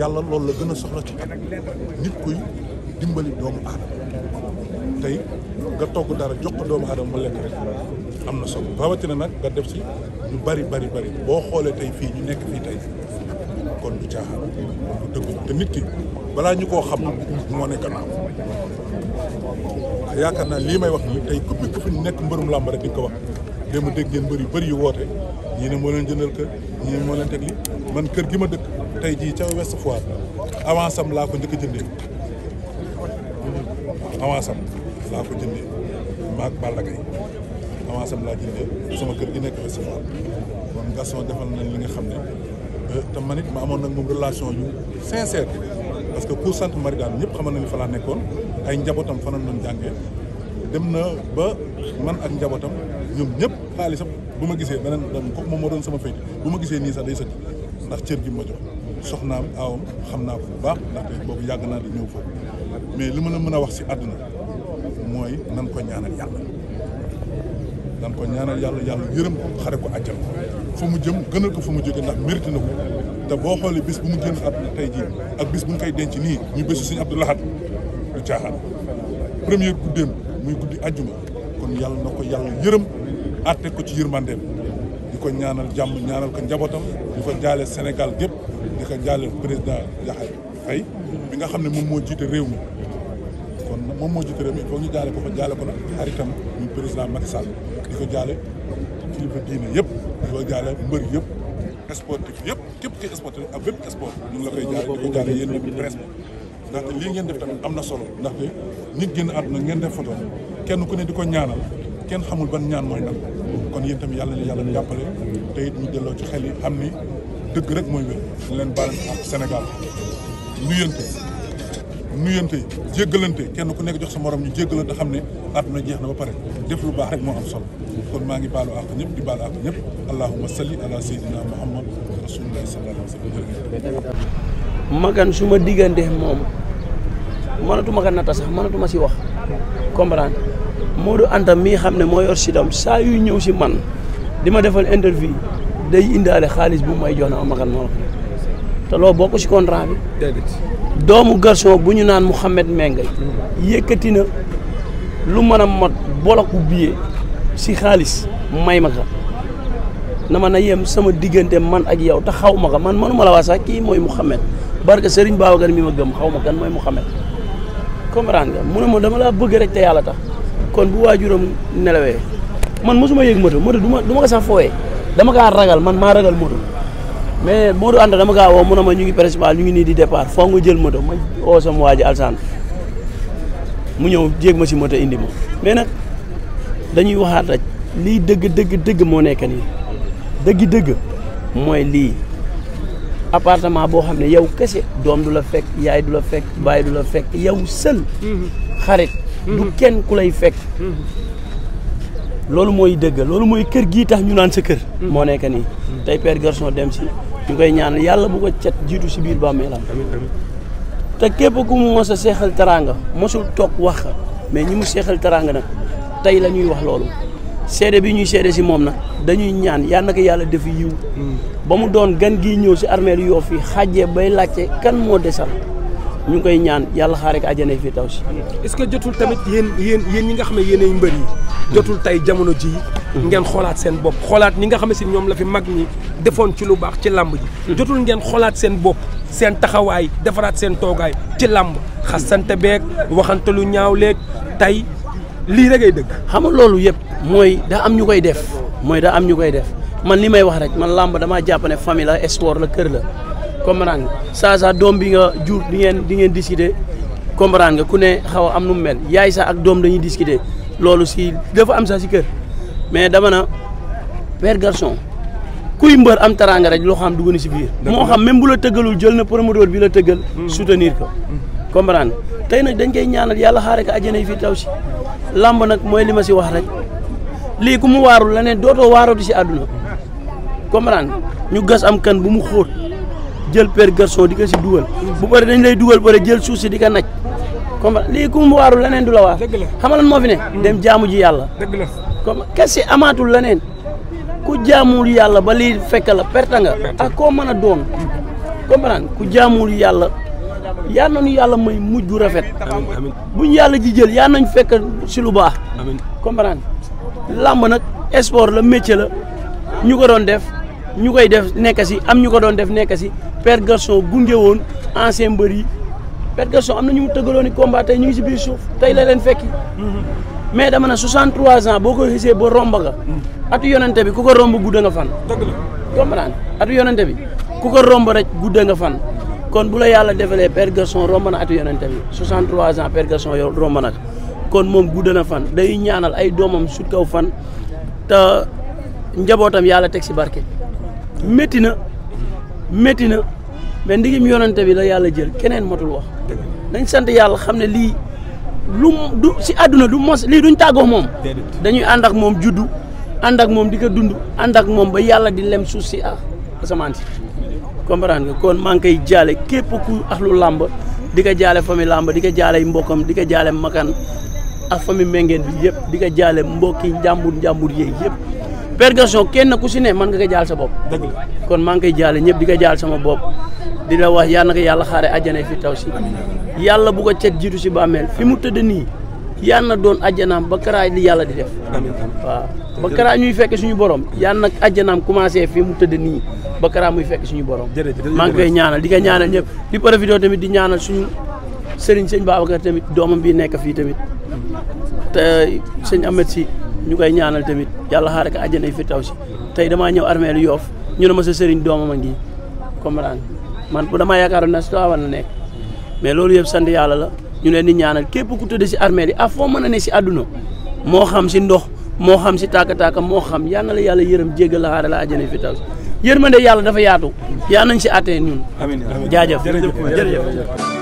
yàlla loolu la gën a soxla ci at nit kuy dimbali doomu aadama tey nga togg dara jox ko doomu aadama mu lekk rek am na solo rawatina nag nga def si ñu bari bari bari boo xoolee tey fii ñu nekk fii tey kon du caaxaan du dëgg te nit ki balaa ñu koo xam moo nekk naaw yaakaar naa lii may wax nii tey ku fi nekk mbërum làmb rek di ko wax. démb dégg ngeen mbër yu bëri yu woote ñii ne moo leen jëndal kër ñii ne moo leen teg man kër gi ma dëkk tey jii ca Ouest Foire avance am laa ko njëkk a mhm. am laa ko maag Balla Gaye avance laa jëndee sama kër gi nekk Ouest Foire kon Gaston defal nañ li nga xam ne euh, te man it ma amoon nag moom relation yu sincère parce que pour sant Marigane ñëpp xamal nañu fa laa nekkoon ay njabootam fan la doon jàngee dem na ba man ak njabootam. ñoom ñëpp xaalisam bu ma gisee beneen doom ko moom moo doon sama féete bu ma gisee nii sax day sëñ ndax cër gi ma jox soxnaam aawam xam naa ko bu baax ndaxte boobu yàgg naa di ñëw foofu mais li ma la mën a wax si àdduna mooy nan ko ñaanal yàlla nan ko ñaanal yàlla yàlla yërëm ko xare ko àjjal fa mu jëm gënal ko fa mu jóge ndax mérite na ko te boo xoolee bis bu mu génn àdduna tey jii ak bis bu ñu koy denc nii ñu bésu si Abdou Lahad du caaxaan première muy guddi àjjuma kon yàlla na ko yàlla yërëm àtte ko ci yërmandeem di ko ñaanal jàmm ñaanal ko njabootam di ko jaale Sénégal gépp di ko jaale président Diakhar Faye bi nga xam ne moom moo jiite réew mi kon moom moo jiite réew mi foog ñu jaale ko ko jaale ko nag xaritam muy président Macky Sall di ko jaale kilifa diine yëpp di ko jaale mbër yëpp sportif yëpp képp ki sportif ak bépp sport ñu ngi la koy jaale di ko jaale yéen ñëpp presse ndaxte lii ngeen def tamit am na solo ndaxte nit génn àdduna ngeen def photo kenn ku ne di ko ñaanal kenn xamul ban ñaan mooy nag kon yéen yàlla na yàlla yàppale te it ñu delloo ci xel yi xam ni dëgg rek mooy wér ñu leen baal ak Sénégal nuyante nuyante jéggalante kenn ku nekk jox sa morom ñu jéggalante xam ne àdduna jeex na ba pare def lu baax rek moo am solo kon maa ngi baalu àq ñëpp di baalu àq ñëpp allahumma salli ala sayyidina muhammad rasulullah sallallahu alayhi wa sallam su ma diggante moom mënatuma ko natta sax mënatuma si wax comprendre Modou Anta mii xam ne moo yor sidam saa yuy ñëw si man di ma defal interview day indaale xaalis bu may jox na ma makan moo loo bokk contrat bi. doomu garçon bu ñu naan Mouhamed Mengay yëkkati na lu mën a mat boloku billet si xaalis may ma ko na yem sama diggante man ak yow te xaw ma ko man ma la wax sax kii mooy Mouhamed barke Serigne Babacar mi ma gëm xaw ma kan mooy Mouhamed comprendre nga mu ne ma dama laa bëgg rek te yàlla tax. kon bu waajuram nelawee man mosuma yëg moto moto du ma du ma ko sax fooyee dama kaa ragal man maa ragal moto mais moto ànd dama kaa woo mu ne ma ñu ngi principal ñu ngi nii di départ foo nga jël moto ma woo sama waa ji alsaan mu ñëw jéeg ma si moto indi ma mais nag dañuy waxaat rek lii dëgg dëgg dëgg moo nekk nii dëgg dëgg mooy lii appartement boo xam ne yow kese doom du la fekk yaay du la fekk baay du la fekk yow sël mm-hmm. xarit du kenn ku lay fekk loolu mooy dëgg loolu mooy kër gi tax ñu naan sa kër moo nekk nii tey père garçon dem si ñu koy ñaanal yàlla bu ko cet jiitu si biir bàmmeelam te képp ku mu mos a seexal teraanga mosul toog wax mais ñi mu seexal teraanga nag tey lañuy wax loolu seede bi ñuy seede si moom nag dañuy ñaan yal na yàlla def yiw hmm. ba mu doon gan gi ñëw si armeel lu yoo fi xàjjee bay laajte kan moo desal ñu ngi koy ñaan yàlla xaaree ko àjjana fii taw si. est-ce que jotul tamit yéen yéen yéen ñi nga xam ne yéen ay mbër yi. jotul tey jamono ji ngeen xoolaat seen bopp xoolaat ñi nga xam ne si ñoom la fi mag ñi defoon ci lu baax ci làmb ji. jotul ngeen xoolaat seen bopp seen taxawaay defaraat seen toogaay ci làmb xasante beeg waxante lu ñaaw leeg tey lii rek ay dëgg. xam nga loolu yëpp mooy daa am ñu koy def mooy daa am ñu koy def man li may wax rek man làmb damaa jàpp ne famille la sport kër la. comprendre nga saa saa doom bi nga jur di ngeen di ngeen discuter comprendre nga ku ne xaw am nu mu mel yaay sax ak doom dañuy discuter loolu si dafa am sax si kër mais dama na père garçon kuy mbër am taraanga rek loo xam dugg na si biir. moo xam même bu la tëggalul jël na promoteur bi la tëggal. Hmm. soutenir ko. Hmm. comprendre tey nag dañ koy ñaanal yàlla xaare ko àjjana yi fii taw si làmb nag mooy li ma si wax rek lii ku mu waarul la ne dootoo waaratu si àdduna comprendre ñu gas am kan bu mu xóot. jël per garçon di ko si dugal bu bëri dañ lay dugal bëri jël suuf si di ko naj comme lii ku waaru leneen du la waar xam lan moo fi ne hmm. dem jaamu ji yàlla comme kese amaatul leneen ku jaamul yàlla ba lii fekk la perte nga ak koo mën a doon comprendre ku jaamul yàlla yaa nañu yàlla may mujj bu rafet buñ yàlla ji jël yaa nañ fekk si lu baax comprendre làmb nag sport la métier la ñu ko doon def ñu koy def nekk si am ñu ko doon def nekk si Père Gaston gunge woon ancien mbër yi Père Gaston am na ñu mu tëggaloon i combat tey ñu ngi si biir suuf tey la leen fekki. mais dama ne 63 ans boo ko xisee ba romb nga. atu yonente ku ko romb gudda nga fan. dëgg la comprendre bi ku ko romb rek gudda nga fan. kon bu la yàlla defalee Père Gaston romb na atu yonente bi 63 ans Père Gaston yow romb na kon moom gudda na fan day ñaanal ay doomam sut kaw fan te njabootam yàlla teg si barke. métti na metti na mais ndigim yonante bi la yàlla jël keneen matul wax nañ sant yàlla xam ne lii lu du si àdduna du mos lii duñ tàggoo moom dañuy ànd ak moom juddu ànd ak moom di ko dund ànd moom ba yàlla di lem suuf si ah asamaan si kon maa ngi koy jaale képp ku axlu làmb di ko jaale famille làmb di ko jaale mbokkam di ko jaale makan ak famille méngeen bi yëpp di ko jaale mbokki njàmbur njàmbur yeeg yëpp percussion kenn ku si ne mën nga ko jaal sa bopp. dëgg kon maa ngi jaale ñëpp di ko jaal sama bop di la wax yàlla na ko yàlla xaare àjjana fi taw si yàlla bu ko cet jiitu si bàmmeel fi mu tëdd nii yàlla na doon àjjanaam ba karaay li yàlla di def. waa ba karaay ñuy fekk suñu borom yàlla nag àjjanaam commencé fi mu tëdd nii ba karaay muy fekk suñu borom. maa ngi koy ñaanal di ko ñaana ñëpp di profité tamit di ñaanal suñu sëriñ sëñ Babacar tamit doomam bi nekk fii tamit sëñ Ahmed si ñu koy ñaanal tamit yàlla xaaral ko àjjana yi fi taw si tey damaa ñëw armée lu yoof ñu ne ma sa sëriñ doomam a ngi comprendre man bu damaa yaakaaroon ne si Tivaouane la nekk mais loolu yëpp sant yàlla la ñu leen di ñaanal képp ku tëdd si armée yi ah foo mën a ne si àdduna moo xam si ndox moo xam si tàkka-tàkka moo xam yal la yàlla yërëm jéggal la xaaral la àjjana yi fi taw si yërmande yàlla dafa yaatu yaa nañ si àttee ñun jaajëf jërëjëf